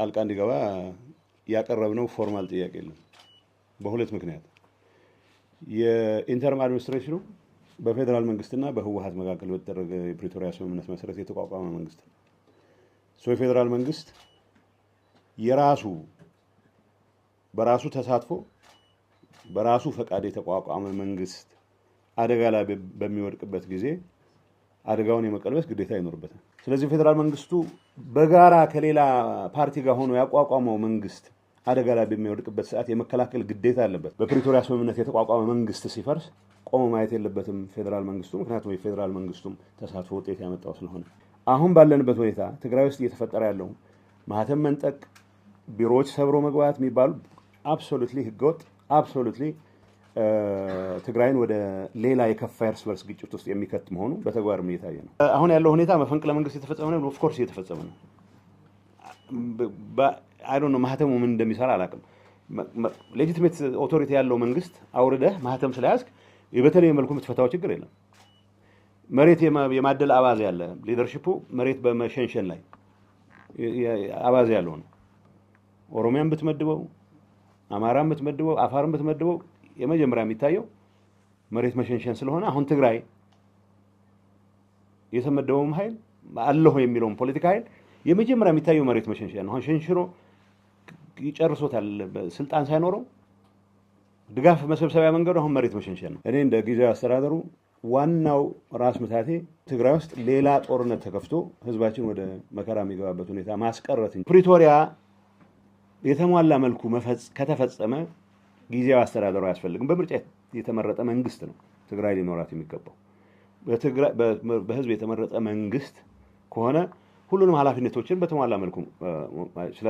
ጣልቃ እንዲገባ ያቀረብነው ፎርማል ጥያቄ የለም። በሁለት ምክንያት የኢንተርም አድሚኒስትሬሽኑ በፌዴራል መንግስትና በህወሀት መካከል በተደረገ የፕሪቶሪያ ስምምነት መሰረት የተቋቋመ መንግስት ነው። ሶ የፌዴራል መንግስት የራሱ በራሱ ተሳትፎ በራሱ ፈቃድ የተቋቋመ መንግስት አደጋ ላይ በሚወድቅበት ጊዜ አደጋውን የመቀልበስ ግዴታ ይኖርበታል። ስለዚህ ፌዴራል መንግስቱ በጋራ ከሌላ ፓርቲ ጋር ሆኖ ያቋቋመው መንግስት አደጋ ላይ በሚወድቅበት ሰዓት የመከላከል ግዴታ አለበት። በፕሪቶሪያ ስምምነት የተቋቋመ መንግስት ሲፈርስ ቆሞ ማየት የለበትም ፌዴራል መንግስቱ። ምክንያቱም የፌዴራል መንግስቱም ተሳትፎ ውጤት ያመጣው ስለሆነ አሁን ባለንበት ሁኔታ ትግራይ ውስጥ እየተፈጠረ ያለው ማህተም መንጠቅ፣ ቢሮዎች ሰብሮ መግባት የሚባሉ አብሶሉትሊ ህገወጥ አብሶሉትሊ ትግራይን ወደ ሌላ የከፋ እርስ በርስ ግጭት ውስጥ የሚከት መሆኑ በተግባርም እየታየ ነው። አሁን ያለው ሁኔታ መፈንቅለ መንግስት የተፈጸመ ነው። ኦፍኮርስ እየተፈጸመ ነው። አይዶ ነው ማህተሙ ምን እንደሚሰራ አላውቅም። ሌጂትሜት ኦቶሪቲ ያለው መንግስት አውርደህ ማህተም ስለያዝክ በተለየ መልኩ የምትፈታው ችግር የለም። መሬት የማደል አባዝ ያለ ሊደርሽፑ መሬት በመሸንሸን ላይ አባዝ ያለው ነው። ኦሮሚያን ብትመድበው፣ አማራን ብትመድበው፣ አፋርን ብትመድበው የመጀመሪያ የሚታየው መሬት መሸንሸን ስለሆነ አሁን ትግራይ የተመደበውም ኃይል አለሁ የሚለውም ፖለቲካ ኃይል የመጀመሪያ የሚታየው መሬት መሸንሸን ነው። አሁን ሸንሽኖ ይጨርሶታል። ስልጣን ሳይኖረው ድጋፍ መሰብሰቢያ መንገዱ አሁን መሬት መሸንሸን ነው። እኔ እንደ ጊዜያዊ አስተዳደሩ ዋናው ራስ ምታቴ ትግራይ ውስጥ ሌላ ጦርነት ተከፍቶ ህዝባችን ወደ መከራ የሚገባበት ሁኔታ ማስቀረት ፕሪቶሪያ የተሟላ መልኩ ከተፈጸመ ጊዜያዊ አስተዳደሩ አያስፈልግም። በምርጫ የተመረጠ መንግስት ነው ትግራይ ሊኖራት የሚገባው። በህዝብ የተመረጠ መንግስት ከሆነ ሁሉንም ኃላፊነቶችን በተሟላ መልኩ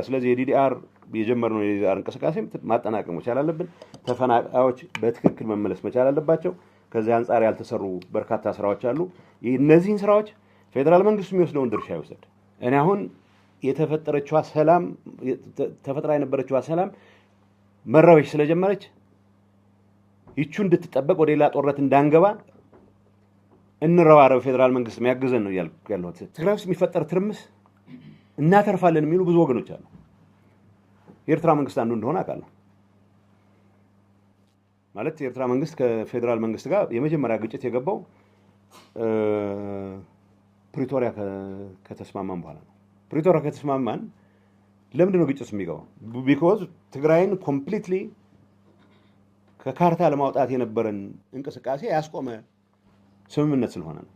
ስለዚህ የዲዲአር የጀመርነው የዲዲአር እንቅስቃሴ ማጠናቀቅ መቻል አለብን። ተፈናቃዮች በትክክል መመለስ መቻል አለባቸው። ከዚህ አንጻር ያልተሰሩ በርካታ ስራዎች አሉ። እነዚህን ስራዎች ፌዴራል መንግስቱ የሚወስደውን ድርሻ ይውሰድ። እኔ አሁን የተፈጠረችዋ ሰላም ተፈጥራ የነበረችዋ ሰላም መረበሽ ስለጀመረች ይቹ እንድትጠበቅ ወደ ሌላ ጦርነት እንዳንገባ እንረባረብ፣ ፌዴራል መንግስት የሚያግዘን ነው እያልኩ ያለሁት። ትግራይ ውስጥ የሚፈጠር ትርምስ እናተርፋለን የሚሉ ብዙ ወገኖች አሉ። የኤርትራ መንግስት አንዱ እንደሆነ አውቃለሁ። ማለት የኤርትራ መንግስት ከፌዴራል መንግስት ጋር የመጀመሪያ ግጭት የገባው ፕሪቶሪያ ከተስማማን በኋላ ነው። ፕሪቶሪያ ከተስማማን ለምንድን ነው ግጭት የሚገባው? ቢኮዝ ትግራይን ኮምፕሊትሊ ከካርታ ለማውጣት የነበረን እንቅስቃሴ ያስቆመ ስምምነት ስለሆነ ነው።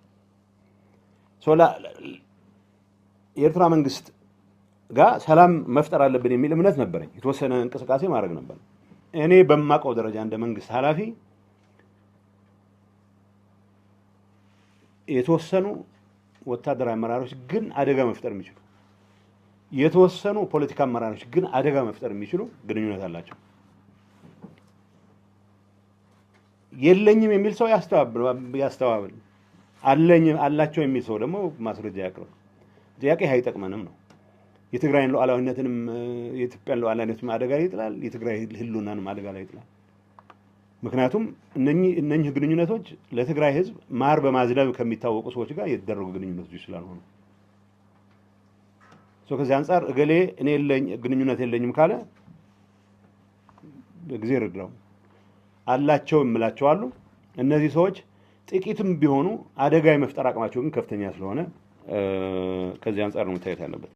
የኤርትራ መንግስት ጋር ሰላም መፍጠር አለብን የሚል እምነት ነበረኝ። የተወሰነ እንቅስቃሴ ማድረግ ነበር። እኔ በማውቀው ደረጃ እንደ መንግስት ኃላፊ የተወሰኑ ወታደራዊ አመራሮች ግን አደጋ መፍጠር የሚችሉ የተወሰኑ ፖለቲካ አመራሮች ግን አደጋ መፍጠር የሚችሉ ግንኙነት አላቸው። የለኝም የሚል ሰው ያስተባብል፣ አለኝም አላቸው የሚል ሰው ደግሞ ማስረጃ ያቅርብ። ጥያቄ አይጠቅመንም ነው። የትግራይን ሉዓላዊነትንም የኢትዮጵያን ሉዓላዊነትም አደጋ ላይ ይጥላል፣ የትግራይ ህልውናንም አደጋ ላይ ይጥላል። ምክንያቱም እነኚህ ግንኙነቶች ለትግራይ ህዝብ ማር በማዝለብ ከሚታወቁ ሰዎች ጋር የተደረጉ ግንኙነቶች ስላልሆኑ ከዚህ አንጻር እገሌ እኔ የለኝ ግንኙነት የለኝም ካለ ጊዜ ይረዳው አላቸው የምላቸው አሉ። እነዚህ ሰዎች ጥቂትም ቢሆኑ አደጋ የመፍጠር አቅማቸው ግን ከፍተኛ ስለሆነ ከዚህ አንጻር ነው መታየት ያለበት።